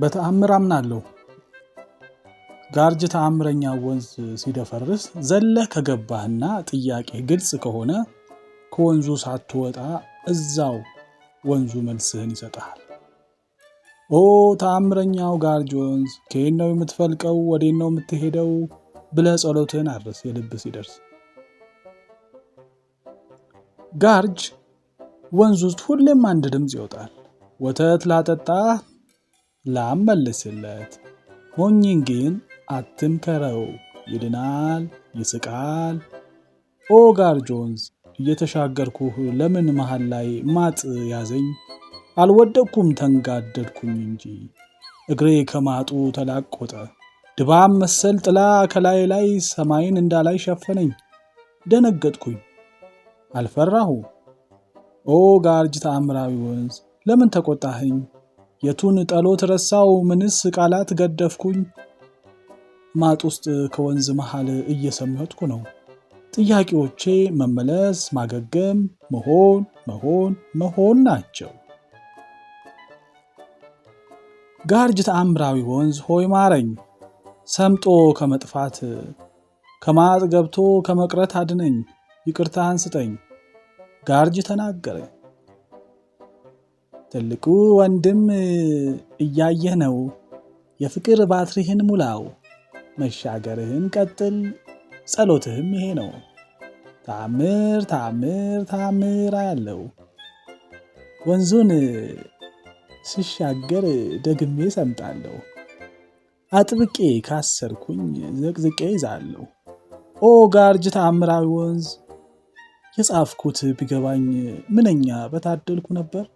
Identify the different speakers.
Speaker 1: በተአምር አምናለሁ። ጋርጅ ተአምረኛ ወንዝ ሲደፈርስ ዘለህ ከገባህና ጥያቄ ግልጽ ከሆነ ከወንዙ ሳትወጣ እዛው ወንዙ መልስህን ይሰጥሃል። ኦ ተአምረኛው ጋርጅ ወንዝ ከየት ነው የምትፈልቀው? ወዴት ነው የምትሄደው? ብለህ ጸሎትህን አድርስ የልብ ሲደርስ። ጋርጅ ወንዝ ውስጥ ሁሌም አንድ ድምፅ ይወጣል። ወተት ላጠጣ ላም መልስለት ሞኝን ግን አትምከረው፣ ይድናል፣ ይስቃል። ኦ ጆንስ እየተሻገርኩህ ለምን መሃል ላይ ማጥ ያዘኝ? አልወደቅኩም ተንጋደድኩኝ እንጂ እግሬ ከማጡ ተላቆጠ። ድባም መሰል ጥላ ከላይ ላይ ሰማይን እንዳላይ ሸፈነኝ። ደነገጥኩኝ፣ አልፈራሁ። ኦ ጋርጅ ተአምራዊ ወንዝ ለምን ተቆጣኸኝ? የቱን ጠሎት ረሳው ምንስ ቃላት ገደፍኩኝ ማጥ ውስጥ ከወንዝ መሃል እየሰመጥኩ ነው። ጥያቄዎቼ መመለስ፣ ማገገም፣ መሆን መሆን መሆን ናቸው። ጋርጅ ተአምራዊ ወንዝ ሆይ ማረኝ፣ ሰምጦ ከመጥፋት ከማጥ ገብቶ ከመቅረት አድነኝ፣ ይቅርታ አንስጠኝ ጋርጅ ተናገረኝ። ትልቁ ወንድም እያየ ነው። የፍቅር ባትሪህን ሙላው፣ መሻገርህን ቀጥል፣ ጸሎትህም ይሄ ነው። ታምር ታምር ታምር አያለው። ወንዙን ስሻገር ደግሜ ሰምጣለሁ። አጥብቄ ካሰርኩኝ ዘቅዝቄ ይዛለሁ። ኦ ጋርጅ ታምራዊ ወንዝ የጻፍኩት ቢገባኝ ምንኛ በታደልኩ ነበር።